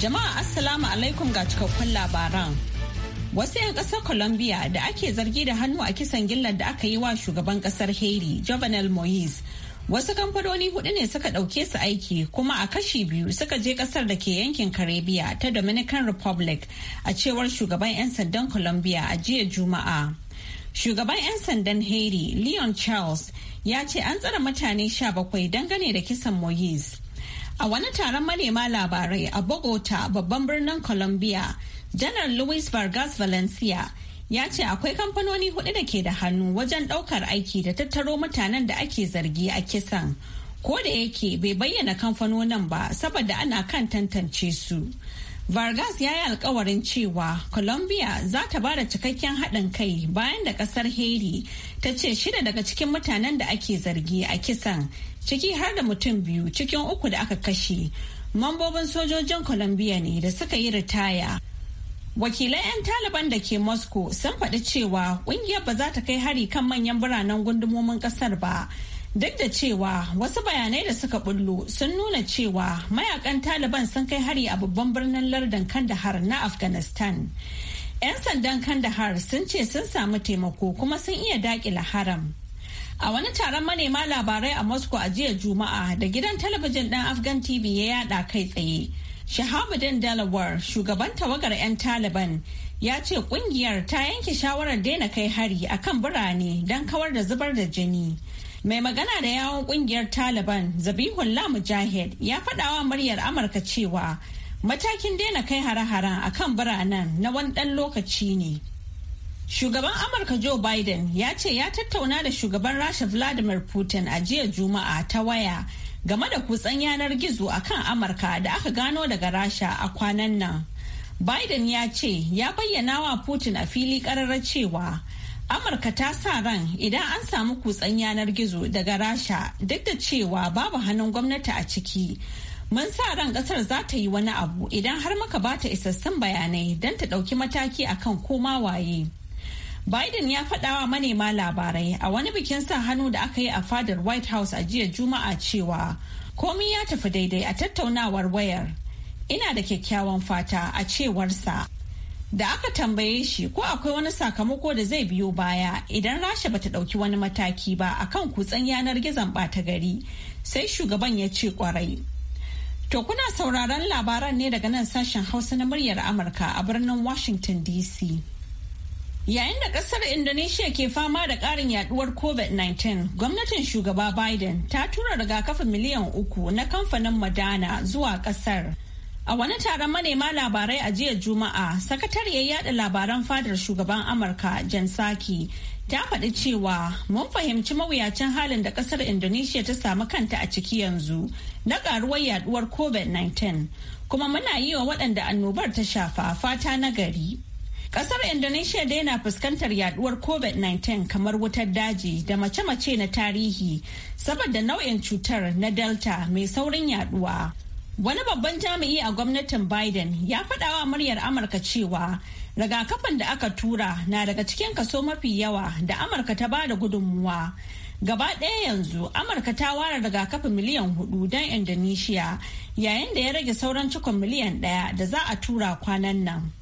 Jama'a Assalamu alaikum ga cikakkun labaran. Wasu 'yan ƙasar Colombia da ake zargi da hannu a kisan gillar da aka yi wa shugaban ƙasar Haiti, Jovenel Moise. Wasu kamfanoni hudu ne suka ɗauke su aiki kuma a kashi biyu suka je ƙasar da ke yankin Caribbean ta Dominican Republic a cewar shugaban 'yan sandan Colombia a jiya Juma'a. Shugaban 'yan sandan Haiti, Leon Charles, ya ce an tsare mutane sha 17 dangane da kisan Moise. A wani taron manema labarai a Bogota babban birnin Colombia, Janar Luis Vargas Valencia ya ce akwai kamfanoni hudu da ke da hannu wajen daukar aiki da tattaro mutanen da ake zargi a kisan. Ko da yake bai bayyana kamfanonin ba saboda ana kan tantance su. Vargas ya yi alkawarin cewa Colombia za ta ba da cikakken haɗin kai bayan da ƙasar Heri ta ce shida daga cikin mutanen da ake zargi a kisan ciki har da mutum biyu cikin uku da aka kashe mambobin sojojin colombia ne da suka yi ritaya Wakilai 'yan taliban da ke moscow sun faɗi cewa ƙungiyar ba za ta kai hari kan manyan biranen gundumomin ƙasar ba duk da cewa wasu bayanai da suka bullo sun nuna cewa mayakan taliban sun kai hari a babban birnin lardin kandahar na afghanistan 'yan sandan kandahar sun ce sun samu taimako kuma sun iya daƙila haram A wani taron manema labarai a Moscow a jiya Juma'a da gidan talabijin ɗan Afghan TV ya yada kai tsaye. Shahabuddin Dalawar, shugaban tawagar 'yan Taliban, ya ce kungiyar ta yanke shawarar daina kai hari a kan birane don kawar da zubar da jini. Mai magana da yawon kungiyar Taliban, Zabihullah Mujahid, ya faɗawa muryar Amurka cewa matakin daina kai hare-haren kan biranen na wani ɗan lokaci ne. Shugaban Amurka Joe Biden ya ce ya tattauna da shugaban Rasha Vladimir Putin a jiya Juma'a ta waya game da kutsen yanar gizo a kan Amurka da aka gano daga Rasha a kwanan nan. Biden ya ce ya bayyana wa Putin a fili ƙararra cewa Amurka ta sa ran idan an samu kutsen yanar gizo daga Rasha duk da cewa babu hannun gwamnati a ciki. mun sa ran kasar za ta yi wani abu idan har muka ba ta isassun bayanai don ta ɗauki mataki akan koma waye. Biden ya faɗawa manema labarai a wani bikin sa hannu da aka yi a fadar White House a jiya Juma'a cewa komi ya tafi daidai a tattaunawar wayar. Ina da kyakkyawan fata a cewarsa. Da aka tambaye shi ko akwai wani sakamako da zai biyo baya idan Rasha bata ɗauki wani mataki ba akan kutsen yanar gizon ɓata gari sai shugaban ya ce kwarai. To kuna sauraron labaran ne daga nan sashen Hausa na muryar Amurka a birnin Washington DC. Yayin da kasar Indonesia ke fama da ƙarin yaduwar COVID-19, gwamnatin shugaba Biden ta tura rigakafin miliyan uku na kamfanin Madana zuwa kasar. A wani taron manema labarai a jiya Juma'a, sakatariyar yada labaran fadar shugaban Amurka, Jan Saki, ta faɗi cewa mun fahimci mawuyacin halin da ƙasar Indonesia ta samu kanta a ciki yanzu na ƙaruwar yaduwar COVID-19, kuma muna yi wa waɗanda annobar ta shafa fata na gari. Kasar Indonesia dai na fuskantar yaduwar COVID-19 kamar wutar daji da mace-mace na tarihi saboda nau'in cutar na Delta mai saurin yaduwa. Wani babban jami'i a gwamnatin Biden ya faɗawa muryar Amurka cewa rigakafin da aka tura na daga cikin kaso mafi yawa da Amurka ta bada gudunmuwa. Gaba ɗaya yanzu Amurka ta ware rigakafi miliyan hudu don Indonesia yayin da ya rage sauran cikon miliyan ɗaya da za a tura kwanan nan.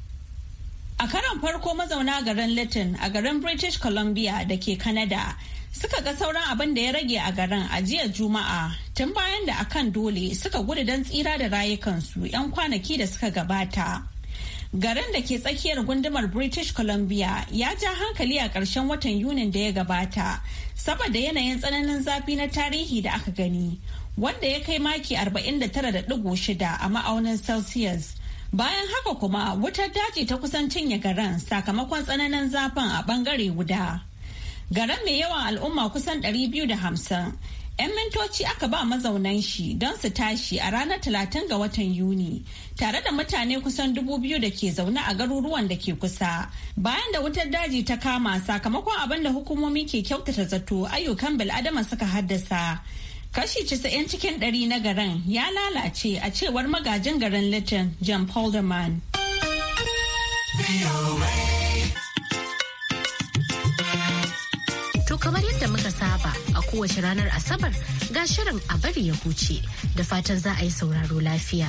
A karon farko mazauna garin Litton a garin British Columbia da ke Canada suka ga sauran abin da ya rage a garin a jiya Juma'a tun bayan da akan dole suka gudu don tsira da rayukansu 'yan kwanaki da suka gabata. Garin da ke tsakiyar gundumar British Columbia ya ja hankali a ƙarshen watan Yunin da ya gabata saboda yanayin tsananin zafi na tarihi da aka gani wanda ya kai maki 49.6 a ma'aunin Celsius Bayan haka kuma wutar daji ta kusan cinye garan sakamakon tsananin zafin a bangare guda. Garan mai yawan al'umma kusan 250. 'Yan mintoci aka ba mazaunan shi don su tashi a ranar 30 ga watan Yuni, tare da mutane kusan dubu biyu da ke zaune a garuruwan da ke kusa. Bayan da wutar daji ta kama sakamakon abin da hukumomi ke kyautata zato ayyukan bil'adama suka haddasa. Kashi 90 cikin ɗari na garin ya lalace a cewar magajin garin Litton John Polderman. To kamar yadda muka saba a kowace ranar Asabar ga shirin a bari ya huce da fatan za a yi sauraro lafiya.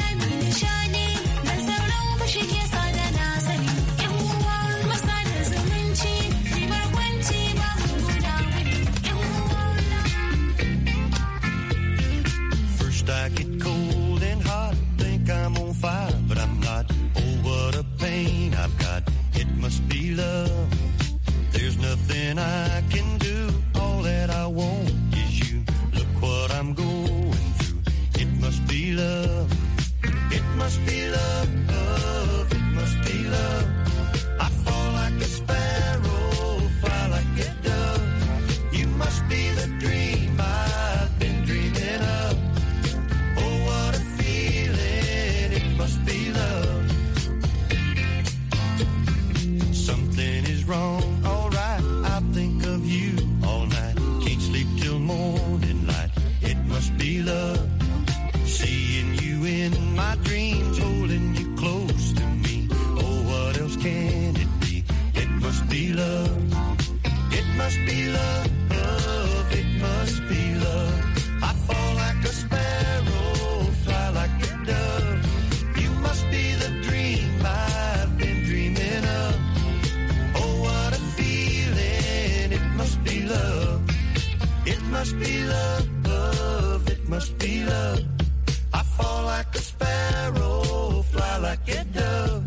like a sparrow, fly like a dove.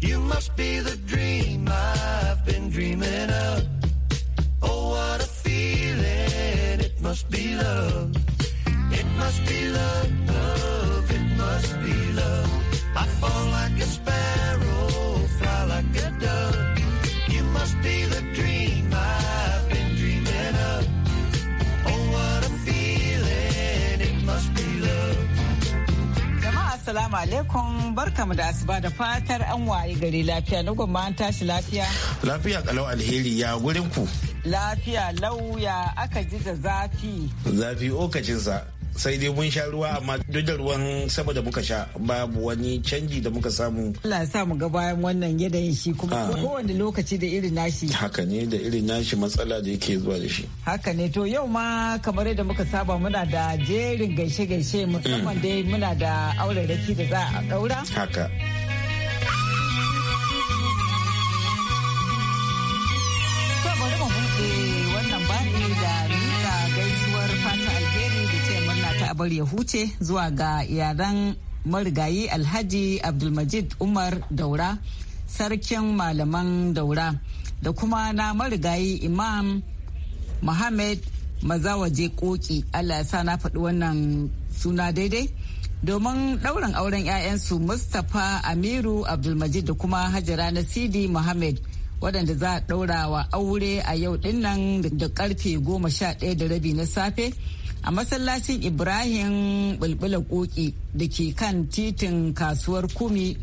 You must be the dream I've been dreaming of. Oh, what a feeling! It must be love. It must be love. alaikum barkamu da asuba da fatar an waye gari lafiya na gwamma an tashi lafiya. Lafiya kalau alheri ya gurin ku. Lafiya lauya aka ji da zafi. Zafi okacinsa. sai dai mun sha ruwa amma duk da ruwan sama da muka sha babu wani canji da muka samu Allah sa mu ga bayan wannan yanayin shi kuma kowane lokaci da irin nashi haka ne da irin nashi matsala da yake zuwa da shi haka ne to yau ma kamar yadda muka saba muna da jerin gaishe-gaishe musamman dai muna da raki da za a ɗaura. haka bari ya huce zuwa ga yaran marigayi alhaji abdulmajid umar daura sarkin malaman daura da kuma na marigayi imam muhammad mazawaje koki allah ya sa na faɗi wannan suna daidai domin ɗaurin auren 'ya'yansu mustapha amiru abdulmajid da kuma hajara na sidi muhammad waɗanda za a ɗaura wa aure a yau ɗinnan da ƙarfe goma sha ɗaya da rabi na safe a masallacin ibrahim bulbula koki da ke kan titin kasuwar kumi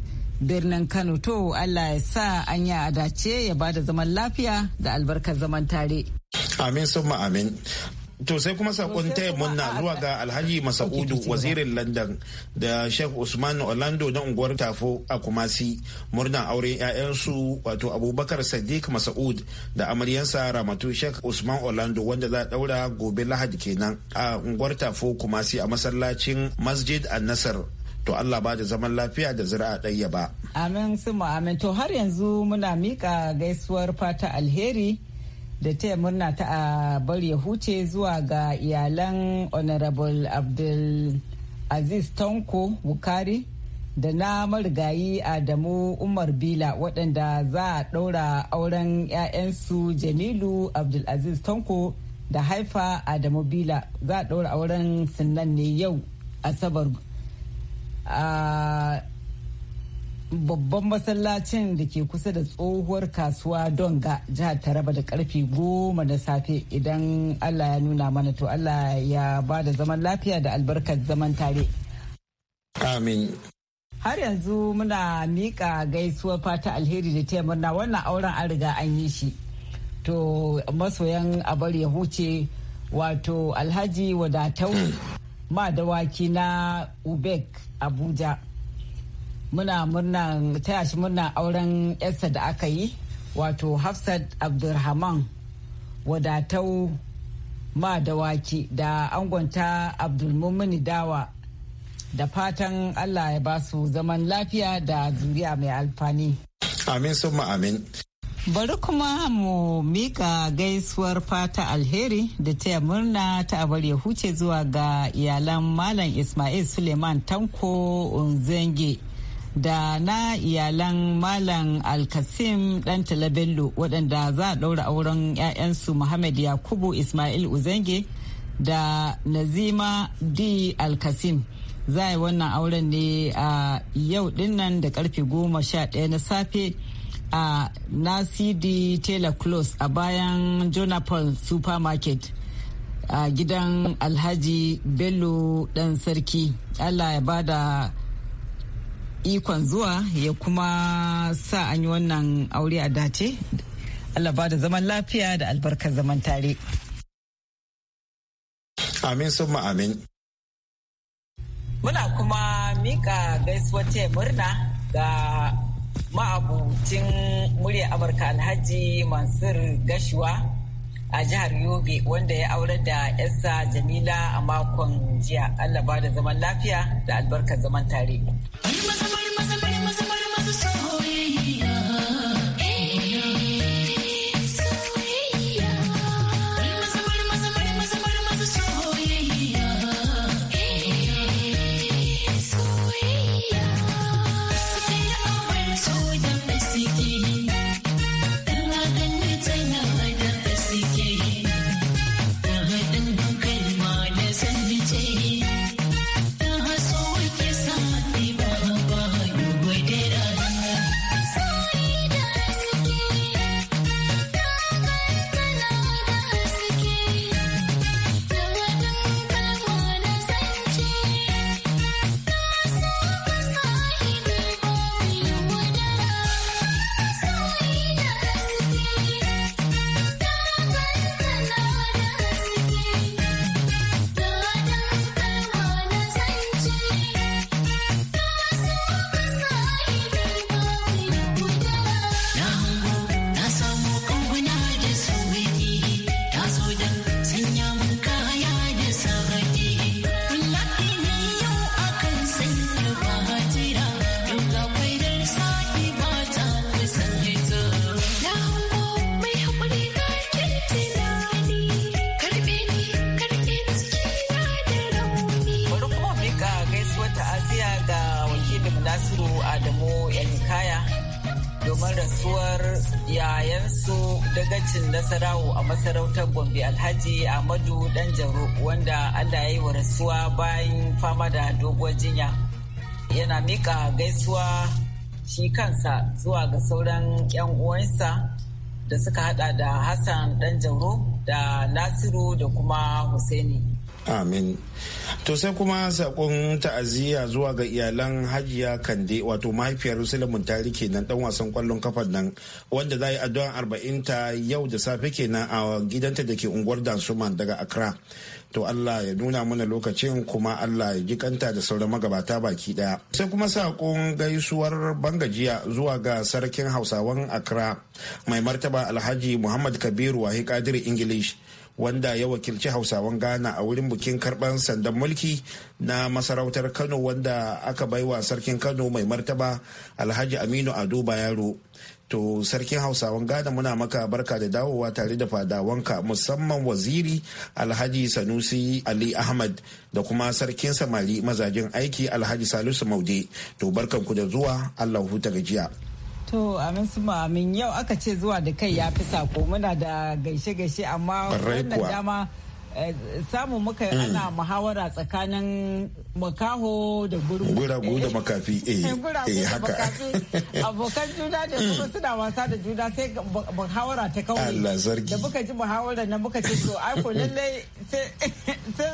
birnin kano to allah ya sa an yi adace ya bada zaman lafiya da albarkar zaman tare amin summa amin To sai kuma sakon taya muna zuwa ga Alhaji Masaudu wazirin London da Sheikh Usman Orlando na unguwar Tafo a Kumasi murnan auren 'ya'yansu wato Abubakar Sadiq Masaud da amaryansa Ramatu Sheikh Usman Orlando wanda za daura gobe Lahadi kenan a unguwar Tafo Kumasi a masallacin Masjid a nasar to Allah ba da zaman lafiya da zira'a ɗaya ba. Amin su amin to har yanzu muna miƙa gaisuwar fata alheri da taya murna ta a bar ya huce zuwa ga iyalan honorable abdul aziz tonko bukari da na marigayi adamu umar bila waɗanda za a ɗaura auren 'ya'yansu jamilu abdul aziz tonko da haifa adamu bila za a ɗaura auren sinan ne yau asabar ah, babban masallacin da ke kusa da tsohuwar kasuwa donga jihar taraba da karfe goma na safe idan allah ya nuna mana to allah ya ba da zaman lafiya da albarkar zaman tare amin har yanzu muna miƙa gaisuwar fata alheri da taya murna wannan auren an riga an yi shi to masoyan abar ya huce wato alhaji wadatau hmm. ma dawaki na ubek abuja muna murna taya shi murna auren yarsa da aka yi wato hafsat abdulrahman wadatau ma dawaki da angonta abdulmumini dawa da fatan allah ya basu zaman lafiya da zuriya mai alfani amin sun amin bari kuma mu mika gaisuwar fata alheri da taya murna ta abar ya huce zuwa ga iyalan malam ismail suleiman tanko unzenge da na iyalan Malam Alkasim dan Talabello waɗanda za a ɗaura auren 'ya'yansu Muhammad Yakubu Ismail Uzenge da Nazima D. Alkasim. Za a yi wannan auren ne a yau dinnan da karfe goma sha ɗaya na safe a na Nasidi Taylor Close a bayan Jonapol Supermarket. a gidan alhaji bello dan sarki allah ya bada ikon zuwa ya kuma sa an yi wannan aure a dace Allah ba da zaman lafiya da albarkar zaman tare. Amin summa amin. Muna kuma mika gaisuwar taya murna ga ma'abucin murya Amurka Alhaji Mansur Gashuwa a jihar Yobe wanda ya aurar da yarsa Jamila a makon jiya. Allah ba da zaman lafiya da albarkar zaman tare. sarautar Gombe Alhaji Ahmadu Danjaro wanda Allah ya yi wa rasuwa bayan fama da doguwar jinya. Yana mika gaisuwa shi kansa zuwa ga sauran 'yan uwansa da suka hada da Hassan jaro da Nasiru da kuma Hussaini. amin to sai kuma sakon ta'aziyya zuwa ga iyalan hajiya kande wato mahaifiyar sulamun tari kenan dan wasan kwallon kafar nan wanda za yi addu'an arba'in ta yau da safe kenan a gidanta da ke unguwar dansuman daga accra to allah ya nuna mana lokacin kuma allah ya ji kanta da sauran magabata baki daya sai kuma sakon gaisuwar bangajiya zuwa ga sarkin hausawan accra mai martaba alhaji muhammad kabiru wahi kadir english wanda ya wakilci hausawan ghana a wurin bukin karban sandan mulki na masarautar kano wanda aka baiwa sarkin kano mai martaba alhaji aminu ado bayero to sarkin hausawan ghana muna maka barka da dawowa tare da fadawanka musamman waziri alhaji sanusi ali ahmad da kuma sarkin samari mazajin aiki alhaji salisu maude to barkanku da zuwa allah huta gajiya To amin su amin yau aka ce zuwa da kai ya fi sako muna da gaishe-gaishe amma wannan dama Eh, samu muka mm. ana muhawara tsakanin makaho da gurgu guragu da eh, makafi eh, eh haka abokan juna da kuma mm. suna wasa da juna sai muhawara ta kawai Allah sarki da muka ji muhawara na muka ce to ai ko lalle sai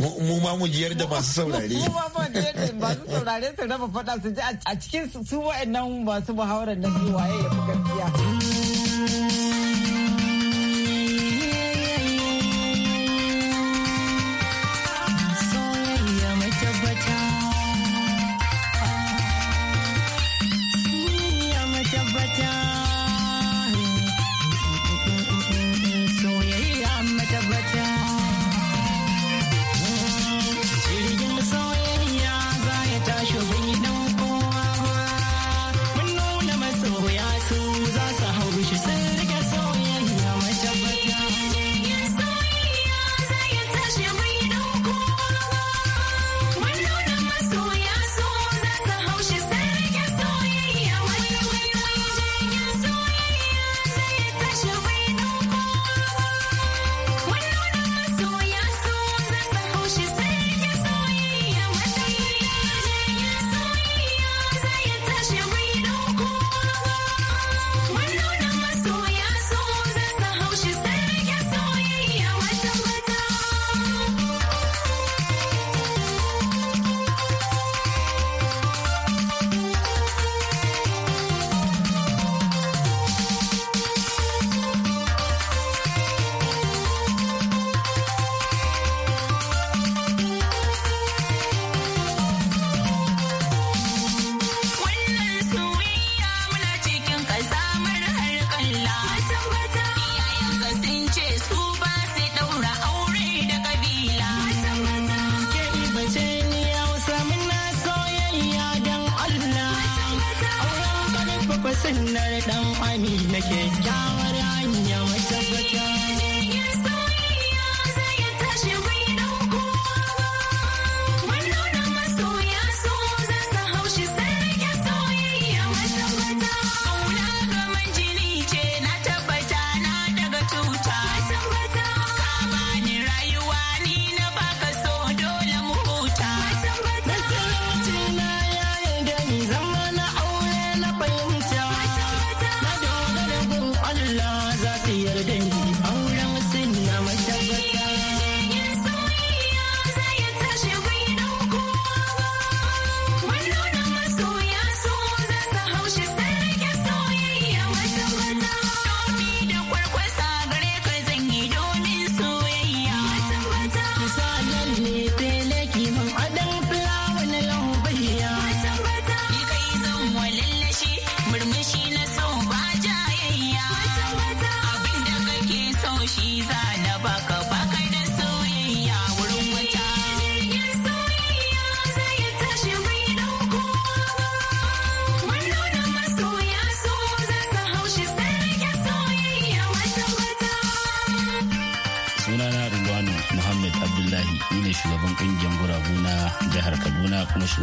mu ma mu jiyar da masu saurare mu ma mu jiyar da masu saurare su raba fada su ji a cikin su wa'annan masu muhawara na waye ya fi gaskiya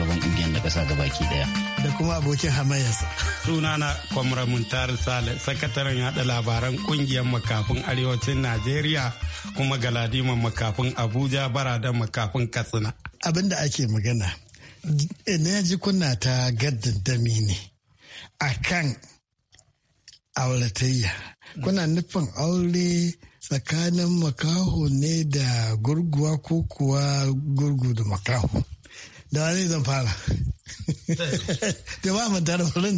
shugaban indiyan na kasa gabaki daya da kuma abokin hamayarsa sunana kwamra muntar sale sakataren yada labaran ƙungiyar makafin arewacin najeriya kuma galadima makafin abuja bara da makafin katsina abinda ake magana na ji kuna ta gaddandami ne akan auratayya kuna nufin aure tsakanin makaho ne da gurguwa ko kuwa gurgu da makaho da wani zan fara da ba mu tare wurin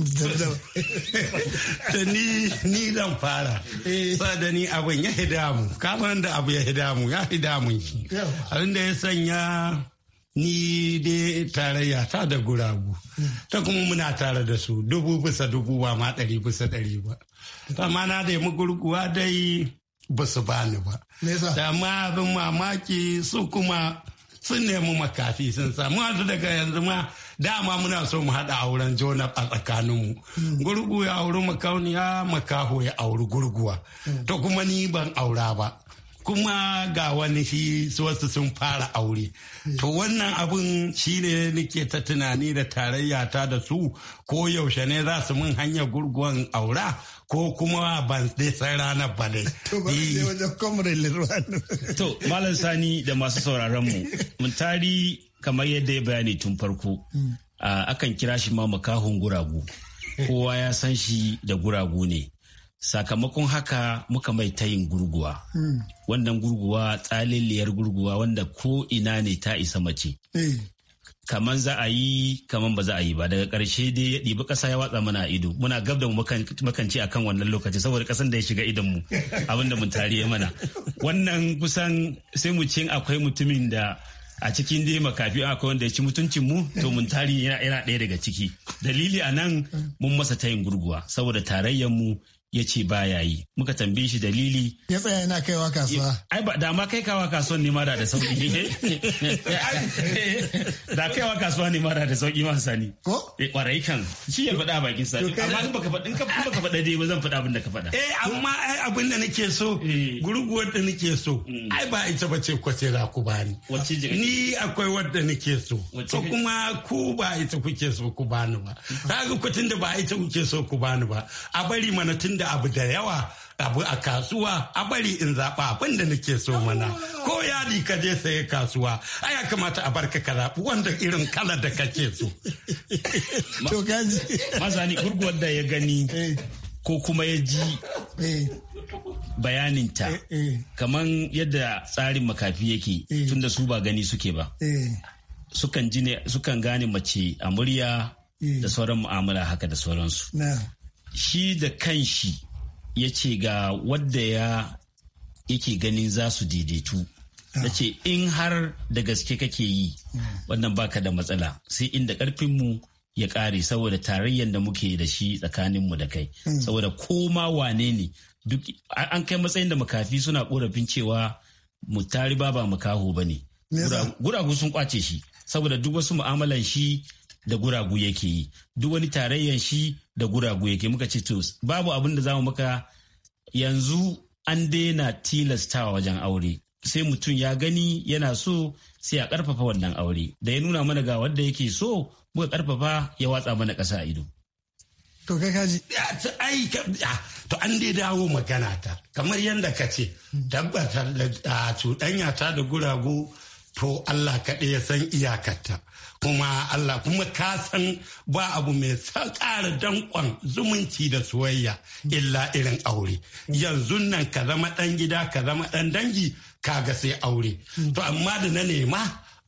da ni ni zan fara eh. da ni abin ya hidamu kamar da abu ya hidamu ya hidamu shi abin da ya sanya ni da tarayya ta da guragu ta kuma muna tare da su dubu bisa dubu ba ma ɗari bisa ɗari ba amma na da mu gurguwa dai ba su bani ba da ma abin mamaki su kuma sun nemi makafi sun samu hannu daga yanzu ma dama muna so mu haɗa auren jona a tsakaninmu mm. gurgu ya auri makauniya makaho ya auri gurguwa mm. to kuma ni ban aura ba kuma ga wani shi wasu sun fara aure to wannan abin shi ne nake ta tunani da tarayya ta da su ko yaushe ne za su min hanyar gurguwan aura ko kuma ban dai san ranar ba ne? To, Malam Sani da masu sauraron mu, mun tari kamar yadda ya bayani tun farko, hmm. akan kira shi ma makahun guragu. Kowa ya san shi da guragu ne. sakamakon haka muka mai tayin gurguwa hmm. wannan gurguwa tsaliliyar gurguwa wanda ko ina ne ta isa mace mm. kaman za a yi kaman ba za a yi ba daga ƙarshe dai ya ɗibi ƙasa ya watsa mana ido muna gab da mu makanci a kan wannan lokaci saboda ƙasan da ya shiga idonmu abinda mun tariye mana wannan kusan sai mu cin akwai mutumin da a cikin dai makafi akwai wanda ya ci mutuncin mu to mun tari yana ɗaya daga ciki dalili a nan mun masa tayin gurguwa saboda tarayyar mu ya ce ya yi muka tambaye shi dalili ya tsaya yana kaiwa kasuwa ai ba da ma kai kawa kasuwan ne ma da sauki da kaiwa kasuwa ne ma da sauki ma sani ko eh kwarai kan shi ya faɗa bakin sa amma in baka faɗa in ka faɗa dai ba zan faɗa abin da ka faɗa eh amma ai abin da nake so eh. gurguwar da nake so hmm. ai ba ita ba ce kwace ra ku bani ni akwai wadda nake so to kuma ku ba ita kuke so ku bani ba kaga kutun da ba ita kuke so ku bani ba a bari mana tun da abu da yawa abu a kasuwa a bari in zaɓa abin da nake so mana ko yadi ka je saye kasuwa a ya kamata a barka ka zaɓi wanda irin kala da kake so mazani gurguwar da ya gani eh. ko kuma ya ji eh. ta eh, kamar yadda tsarin makafi yake tun da su ba gani suke ba sukan gane mace a murya da sauran mu'amala haka da sauransu shi da kanshi ya ce ga wadda ya yake ganin za su daidaitu na ah. ce in har da gaske kake yi wannan baka da matsala sai inda karfinmu ya ƙare saboda tarayyar da muke da shi tsakaninmu da kai hmm. saboda koma wane ne duk an kai matsayin da makafi suna korafin cewa tari ba ba makaho ba ne guragu sun kwace shi saboda duk wasu mu'amalan shi da guragu yake yi duk wani tarayyan shi da guragu yake muka ce to babu abin da zamu maka yanzu an daina tilastawa wajen aure sai mutum ya gani yana so sai ya karfafa wannan aure da ya nuna mana ga wanda yake so muka karfafa ya watsa mana kasa a ido To kai kaji. Ai, to an dai dawo magana ta, kamar yadda ka ce, tabbatar da cuɗanya ta da guragu to Allah kaɗai ya san iyakarta kuma Allah kuma ka san ba abu mai tsara danƙon zumunci da soyayya illa irin aure yanzu nan ka zama ɗan gida ka zama ɗan dangi kaga sai aure to amma da na nema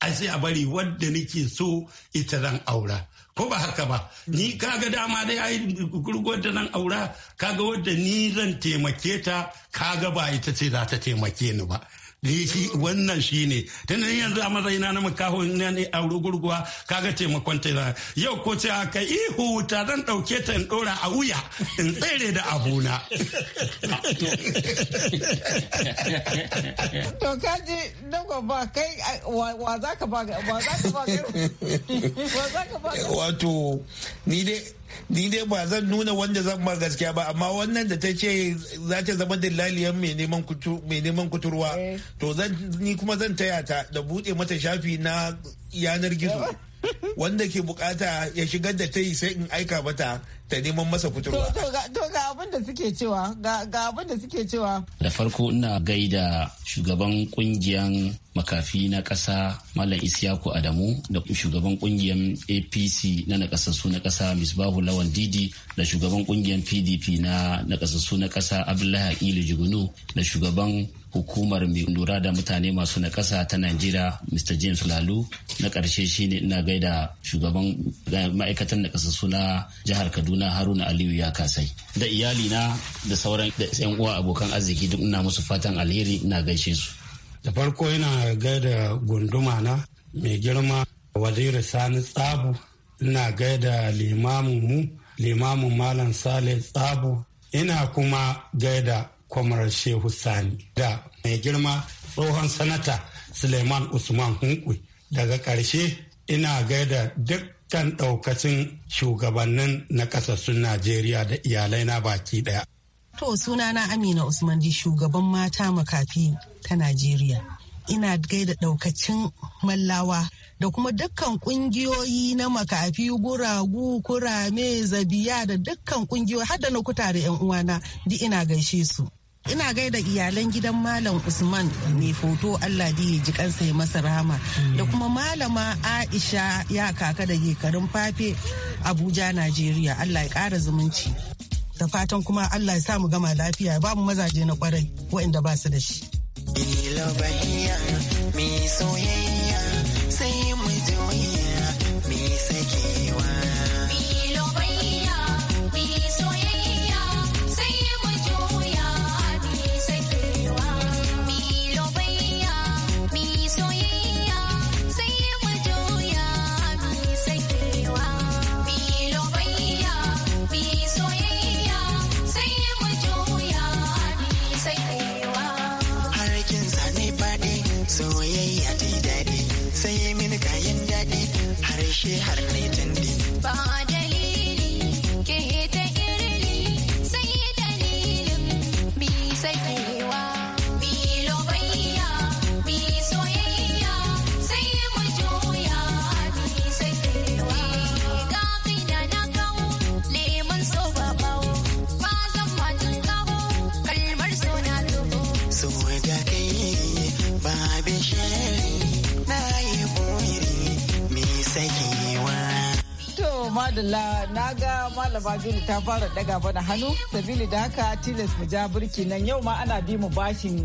ai sai a bari wadda nake so ita zan aura ko ba haka ba ni kaga dama dai ai gurguwar da nan aura kaga wadda ni zan taimake ta kaga ba ita ce za ta taimake ni ba wannan shi ne tun yanzu a matsayina na makaho ne ne a rugurguwa kaga taimakon ta yau ko ce aka ihu ta zan ɗauke ta in dora a wuya in tsere da abuna. to kaji dago ba kai wa za ka ba wa za ka ba wato ni dai ni dai ba zan nuna wanda zan ba gaskiya ba amma wannan da ta ce za ta zama dillaliyan mai neman kuturwa eh. to ni kuma zan taya ta da buɗe mata shafi na yanar gizo wanda ke bukata ya shigar da ta yi sai in aika mata ta neman masa kuturwa. To ga abin da suke cewa ga abin da suke cewa. Da farko ina gaida shugaban kungiyan makafi na kasa Malam Isiyaku Adamu da shugaban kungiyan APC na nakasassu na ƙasa Misbahu Lawan Didi da shugaban kungiyan PDP na nakasassu na kasa Abdullahi Ilu Jigunu da shugaban hukumar mai lura da mutane masu na nakasa ta Najeriya Mr. James Lalu na ƙarshe shine ina gaida shugaban eh, ma'aikatan nakasassu suna jihar Kaduna Haruna Aliyu ya kasai da iyalina da sauran yan uwa abokan arziki duk ina musu fatan alheri ina gaishe su da farko ina gaida gunduma na mai girma waziri sani tsabu ina gaida limamu mu limamu malam sale tsabu ina kuma gaida kwamarar shehu sani da mai girma tsohon sanata suleiman usman hunkwi daga karshe ina gaida dukkan ɗaukacin shugabannin na ƙasassun najeriya da iyalai na baki ɗaya to na amina usman di shugaban mata makafi ta najeriya ina gaida ɗaukacin mallawa da kuma dukkan ƙungiyoyi na makafi guragu kurame zabiya da dukkan ƙungiyoyi har da na kutare yan uwana duk ina gaishe su ina gaida iyalan gidan malam usman mai foto allah ya ji kansa ya masa rama da kuma malama aisha ya kaka da shekarun fafe abuja najeriya allah ya kara zumunci da fatan kuma allah ya samu gama lafiya ba mu mazaje na kwarai waɗanda ba su da shi adala na ga malama juli ta fara daga bana hannu sabili da haka tilas mu ja birki nan yau ma ana bi mu bashin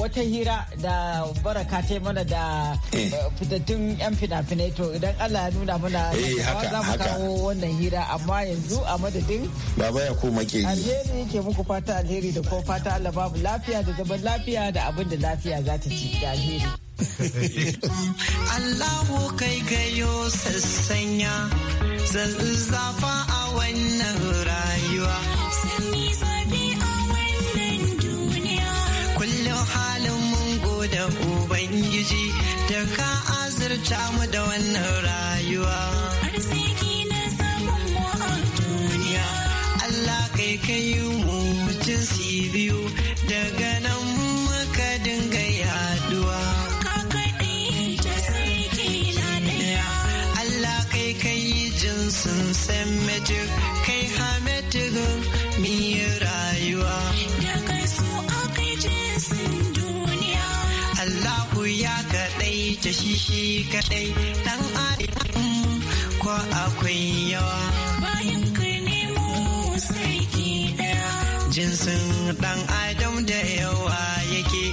wata hira da baraka ta mana da eh. Eh, fitattun yan fina-finai to idan allah ya nuna mana eh, za mu kawo wannan hira amma yanzu a madadin baba ya koma ke yi alheri ke muku fata alheri da ko fata allah babu lafiya da zaman lafiya da abin da lafiya za ta ci da alheri Allahu kai gayo sassanya zazzafa a wannan rayuwa. Kullum halin mun goda Ubangiji da ka azurta mu da wannan rayuwa. kadai dan adam ko akwai yawa bayan ka mu sai ki jinsin dan adam da yawa yake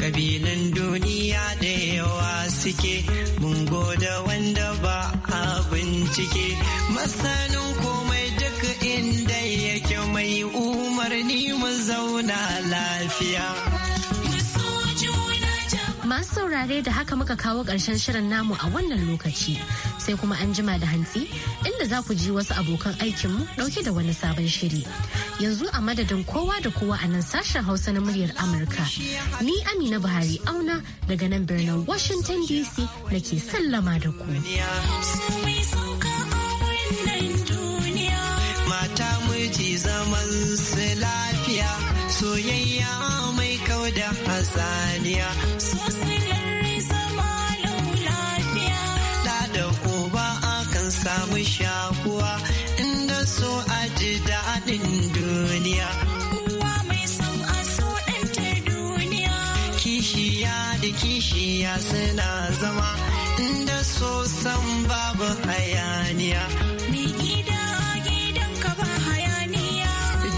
kabilan duniya da yawa suke mun gode wanda ba a bincike masanin komai duk inda yake mai umarni mu zauna lafiya Masu saurare da haka muka kawo ƙarshen shirin namu a wannan lokaci sai kuma an jima da hantsi inda za ku ji wasu abokan aikinmu ɗauke da wani sabon shiri. Yanzu a madadin kowa da kowa a nan sashen Hausa na muryar Amurka. Ni Amina Buhari auna daga nan birnin Washington DC nake sallama da ku. soyayya mai da hasaniya. suna zama inda so san babu hayaniya mai gida gidan ka ba hayaniya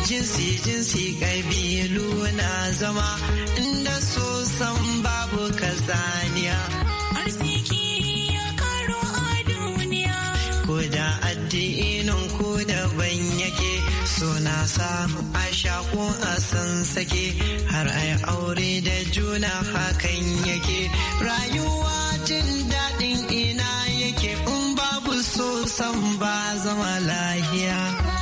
jinsi jinsi ƙabilu na zama inda so san babu kazaniya a samu a shaƙo a san sake har a yi aure da juna hakan yake rayuwa jin daɗin ina yake in babu so san ba zama lahiya.